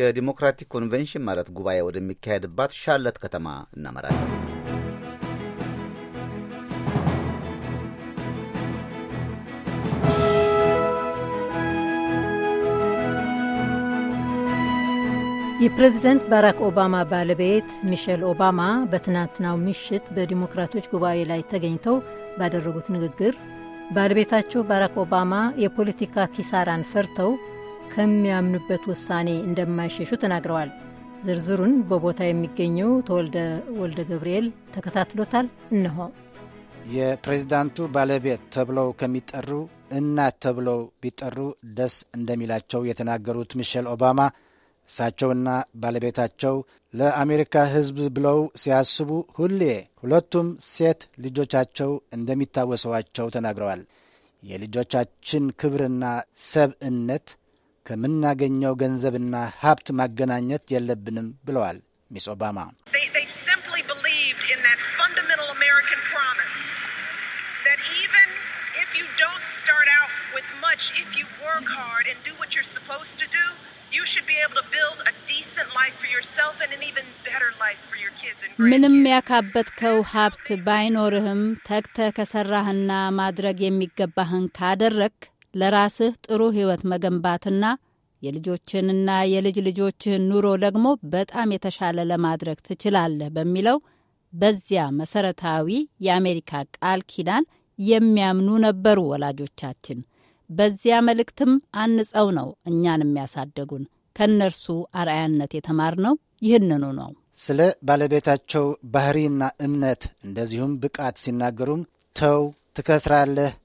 የዲሞክራቲክ ኮንቬንሽን ማለት ጉባኤ ወደሚካሄድባት ሻለት ከተማ እናመራለን። የፕሬዝደንት ባራክ ኦባማ ባለቤት ሚሼል ኦባማ በትናንትናው ምሽት በዲሞክራቶች ጉባኤ ላይ ተገኝተው ባደረጉት ንግግር ባለቤታቸው ባራክ ኦባማ የፖለቲካ ኪሳራን ፈርተው ከሚያምኑበት ውሳኔ እንደማይሸሹ ተናግረዋል። ዝርዝሩን በቦታ የሚገኘው ተወልደ ወልደ ገብርኤል ተከታትሎታል። እነሆ የፕሬዚዳንቱ ባለቤት ተብለው ከሚጠሩ እናት ተብለው ቢጠሩ ደስ እንደሚላቸው የተናገሩት ሚሼል ኦባማ እሳቸውና ባለቤታቸው ለአሜሪካ ሕዝብ ብለው ሲያስቡ ሁሌ ሁለቱም ሴት ልጆቻቸው እንደሚታወሰዋቸው ተናግረዋል። የልጆቻችን ክብርና ሰብእነት ከምናገኘው ገንዘብና ሀብት ማገናኘት የለብንም ብለዋል ሚስ ኦባማ። ምንም ያካበትከው ሀብት ባይኖርህም ተግተ ከሰራህና ማድረግ የሚገባህን ካደረግ ለራስህ ጥሩ ህይወት መገንባትና የልጆችንና የልጅ ልጆችህን ኑሮ ደግሞ በጣም የተሻለ ለማድረግ ትችላለህ በሚለው በዚያ መሰረታዊ የአሜሪካ ቃል ኪዳን የሚያምኑ ነበሩ ወላጆቻችን። በዚያ መልእክትም አንጸው ነው እኛን የሚያሳደጉን። ከእነርሱ አርአያነት የተማርነው ይህንኑ ነው። ስለ ባለቤታቸው ባህሪና እምነት እንደዚሁም ብቃት ሲናገሩም ተው ትከስራለህ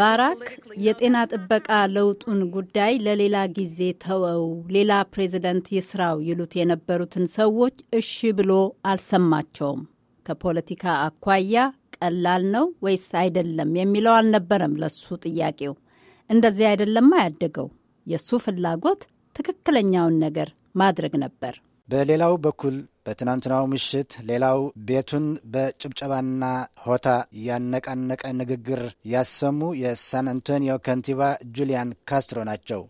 ባራክ የጤና ጥበቃ ለውጡን ጉዳይ ለሌላ ጊዜ ተወው፣ ሌላ ፕሬዝደንት ይስራው ይሉት የነበሩትን ሰዎች እሺ ብሎ አልሰማቸውም። ከፖለቲካ አኳያ ቀላል ነው ወይስ አይደለም የሚለው አልነበረም ለሱ ጥያቄው። እንደዚህ አይደለማ ያደገው። የእሱ ፍላጎት ትክክለኛውን ነገር ማድረግ ነበር። በሌላው በኩል በትናንትናው ምሽት ሌላው ቤቱን በጭብጨባና ሆታ ያነቃነቀ ንግግር ያሰሙ የሳን አንቶኒዮ ከንቲባ ጁሊያን ካስትሮ ናቸው።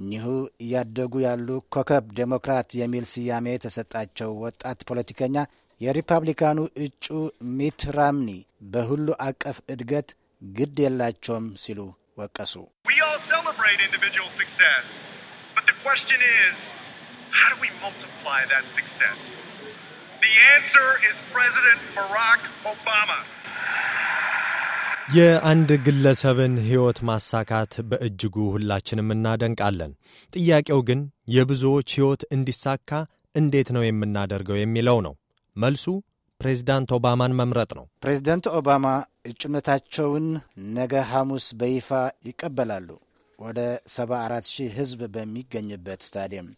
እኚሁ እያደጉ ያሉ ኮከብ ዴሞክራት የሚል ስያሜ የተሰጣቸው ወጣት ፖለቲከኛ የሪፐብሊካኑ እጩ ሚት ራምኒ በሁሉ አቀፍ እድገት ግድ የላቸውም ሲሉ ወቀሱ። የአንድ ግለሰብን ሕይወት ማሳካት በእጅጉ ሁላችንም እናደንቃለን። ጥያቄው ግን የብዙዎች ሕይወት እንዲሳካ እንዴት ነው የምናደርገው የሚለው ነው። መልሱ ፕሬዚዳንት ኦባማን መምረጥ ነው። ፕሬዚዳንት ኦባማ እጩነታቸውን ነገ ሐሙስ በይፋ ይቀበላሉ ወደ 74 ሺህ ሕዝብ በሚገኝበት ስታዲየም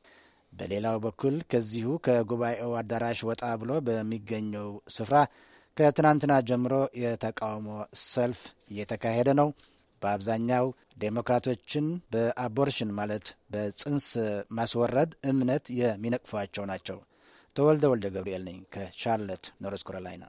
በሌላው በኩል ከዚሁ ከጉባኤው አዳራሽ ወጣ ብሎ በሚገኘው ስፍራ ከትናንትና ጀምሮ የተቃውሞ ሰልፍ እየተካሄደ ነው። በአብዛኛው ዴሞክራቶችን በአቦርሽን ማለት በጽንስ ማስወረድ እምነት የሚነቅፏቸው ናቸው። ተወልደ ወልደ ገብርኤል ነኝ ከቻርለት ኖርዝ ካሮላይና።